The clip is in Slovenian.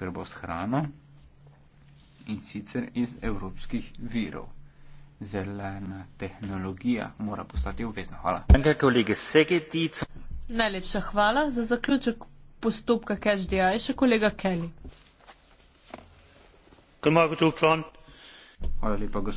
ker bo s hrano in sicer iz evropskih virov. Zelena tehnologija mora postati obvezna. Hvala. Najlepša hvala za zaključek postopka KSDI, še kolega Kelly. Hvala lepa, gospod.